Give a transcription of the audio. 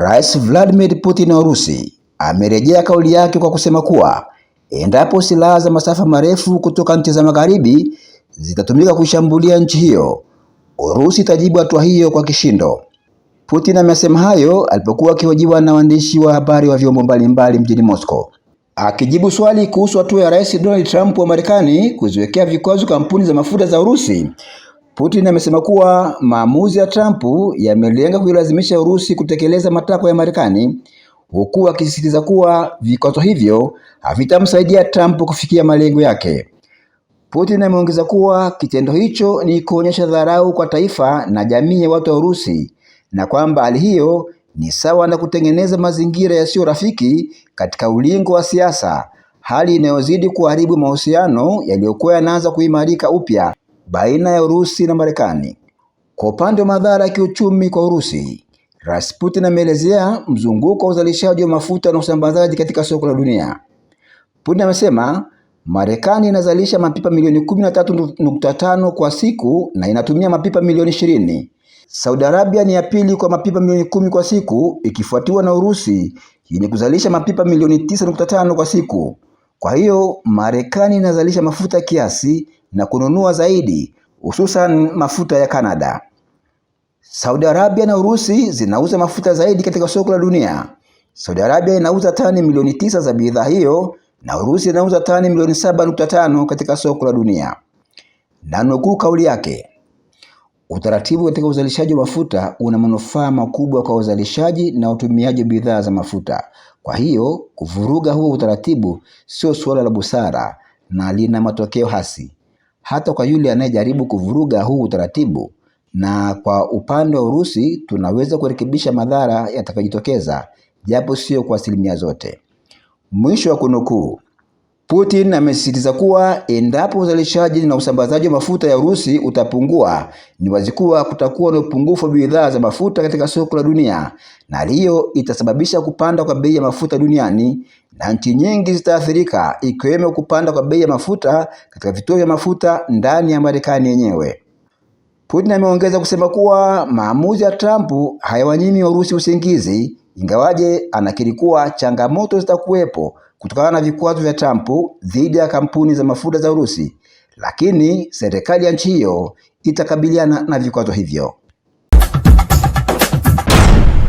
Rais Vladimir Putin wa Urusi amerejea kauli yake kwa kusema kuwa endapo silaha za masafa marefu kutoka nchi za magharibi zitatumika kuishambulia nchi hiyo, Urusi itajibu hatua hiyo kwa kishindo. Putin amesema hayo alipokuwa akihojiwa na waandishi wa habari wa vyombo mbalimbali mjini Moscow, akijibu swali kuhusu hatua ya Rais Donald Trump wa Marekani kuziwekea vikwazo kampuni za mafuta za Urusi. Putin amesema kuwa maamuzi ya Trump yamelenga kuilazimisha Urusi kutekeleza matakwa ya Marekani, huku akisisitiza kuwa vikwazo hivyo havitamsaidia Trump kufikia malengo yake. Putin ameongeza kuwa kitendo hicho ni kuonyesha dharau kwa taifa na jamii ya watu wa Urusi na kwamba hali hiyo ni sawa na kutengeneza mazingira yasiyo rafiki katika ulingo wa siasa, hali inayozidi kuharibu mahusiano yaliyokuwa yanaanza kuimarika upya baina ya Urusi na Marekani. Kwa upande wa madhara ya kiuchumi kwa Urusi, Rasputin ameelezea mzunguko wa uzalishaji wa mafuta na usambazaji katika soko la dunia. Putin amesema Marekani inazalisha mapipa milioni 13.5 kwa siku na inatumia mapipa milioni ishirini. Saudi Arabia ni ya pili kwa mapipa milioni kumi kwa siku ikifuatiwa na Urusi yenye kuzalisha mapipa milioni 9.5 kwa siku. Kwa hiyo Marekani inazalisha mafuta kiasi na kununua zaidi, hususan mafuta ya Kanada. Saudi Arabia na Urusi zinauza mafuta zaidi katika soko la dunia. Saudi Arabia inauza tani milioni tisa za bidhaa hiyo na Urusi inauza tani milioni saba nukta tano katika soko la dunia. Na nukuu kauli yake, utaratibu katika uzalishaji wa mafuta una manufaa makubwa kwa uzalishaji na utumiaji bidhaa za mafuta. Kwa hiyo kuvuruga huo utaratibu sio suala la busara na lina matokeo hasi hata kwa yule anayejaribu kuvuruga huu utaratibu. Na kwa upande wa Urusi, tunaweza kurekebisha madhara yatakayojitokeza, japo sio kwa asilimia zote. Mwisho wa kunukuu. Putin amesisitiza kuwa endapo uzalishaji na usambazaji wa mafuta ya Urusi utapungua, ni wazi kuwa kutakuwa na upungufu wa bidhaa za mafuta katika soko la dunia, na hiyo itasababisha kupanda kwa bei ya mafuta duniani, na nchi nyingi zitaathirika, ikiwemo kupanda kwa bei ya mafuta katika vituo vya mafuta ndani ya Marekani yenyewe. Putin ameongeza kusema kuwa maamuzi ya Trump hayawanyimi urusi usingizi, ingawaje anakiri kuwa changamoto zitakuwepo kutokana na vikwazo vya Trump dhidi ya kampuni za mafuta za Urusi, lakini serikali ya nchi hiyo itakabiliana na vikwazo hivyo.